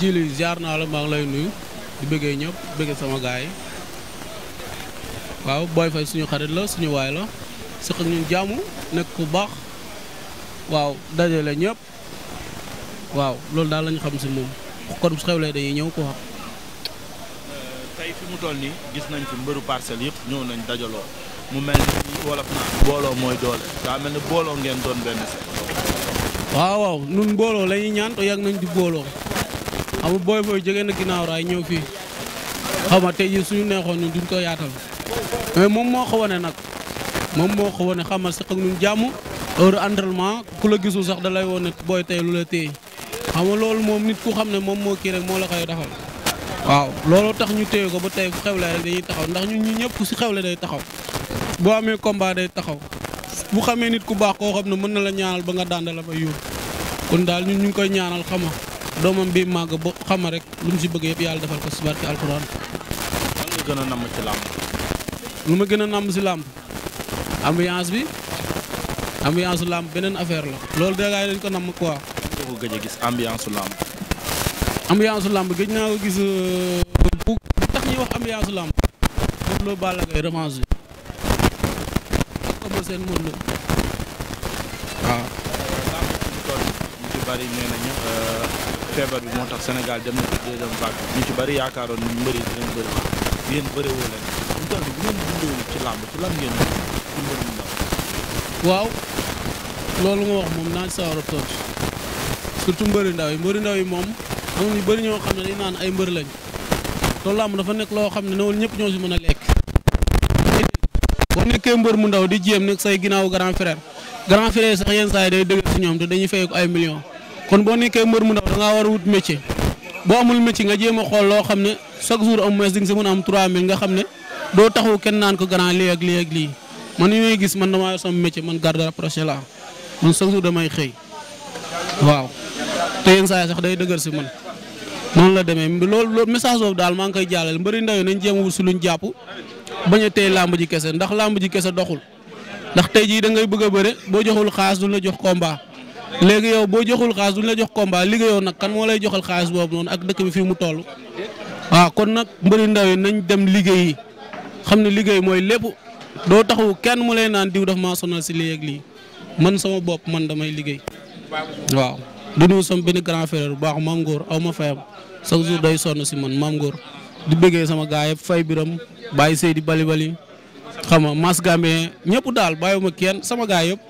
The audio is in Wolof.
jili jaar naa la maa ngi lay nuyu di bëggee ñëpp bëggee sama gaay waaw booy Faye suñu xarit la suñu waay la sëq ak ñun jàmm nekk ku baax waaw dajale ñëpp waaw loolu daal lañu xam si moom kon su xewlee dañuy ñëw ko xam tey fi mu toll nii gis nañ fi mbëru parcelles yëpp ñëw nañ dajaloo mu mel ni wolof naa booloo mooy doole daa mel ni booloo ngeen doon benn si waaw waaw nun booloo lañuy ñaan te yàgg di booloo xam nga booy booy jógee na ginnaaw raay ñëw fii xaw ma tey suñu neexoon ni duñ ko yaatal mais moom moo ko wane nag moom moo ko wane xamal nga sax ak ñun jàmm heure entraînement ku la gisul sax da lay woon ne booy tey lu la téye xam nga loolu moom nit ku xam ne moom moo kii rek moo la koy defal waaw looloo tax ñu téye ko ba tey fu xewle rek dañuy taxaw ndax ñu ñu ñëpp ku si xewle day taxaw boo amee combat day taxaw bu xamee nit ku baax koo xam ne mën na la ñaanal ba nga daan la fa yóbbu kon daal ñun ñu ngi koy ñaanal doomam bi màgg ba xama rek lu mu si bëgg yëpp yàlla defal ko si barke alxuraan. nga gën a namm ci làmb. lu ma gën a namm si làmb ambiance bi ambiance su làmb beneen affaire la. loolu dégg a gis naa ko gis euh, bu tax ñuy wax ambiance su làmb. Modou Lo Balla Gaye revanche bi. feebar bi moo tax Sénégal dem na ci deuxième vague ñu ci bari yaakaaroon ni mbëri dinañ bëri loolu nga wax moom naa mbëri ndaw yi mbëri ndaw yi moom am bari ñoo xam ne dañ naan ay mbër lañ loolu làmb dafa nekk loo xam ne newul ñëpp ñoo si mën a lekk boo nekkee mbër mu ndaw di jéem nekk say ginnaaw grand frère grand frère sax yenn saa yi day dëgg si ñoom dañuy fay ko ay millions kon boo nekkee mbër mu a da ngaa war a wut métier boo amul métier nga jéem a xool loo xam ne chaque jour au moins di nga si mën a am 3000 nga xam ne doo taxaw kenn naan ko grand lii ak lii man li may gis man damaa yor sama métier man garde rapproché laa man chaque jour damay xëy waaw te yenn saa sax day dëgër si man noonu la demee loolu loolu message boobu daal maa ngi koy jàllale mbëri ndaw yi nañ jéem a wut si luñ jàpp bañ a téye làmb ji kese ndax làmb ji kese doxul ndax tey jii da ngay bëgg a bëre boo joxul xaas du la jox combat. léegi yow boo joxul xaalis duñ la jox combat liggéeyoon nag kan moo lay joxal xaalis boobu noonu ak dëkk bi fii mu toll waaw kon nag mbëri ndaw yi nañ dem liggéeyi xam ne liggéey mooy lépp doo taxawu kenn mu lay naan diw daf maa sonal si lii ak man sama bopp man damay liggéey waaw du nuyu sama benn grand frère bu baax maam Ngor aw ma fayam chaque jour day sonn si man maam Ngor di bëggee sama gaay yëpp fay biram baay sey di bali bali xam nga mas gambe ñëpp daal bàyyiwuma kenn sama gaay yëpp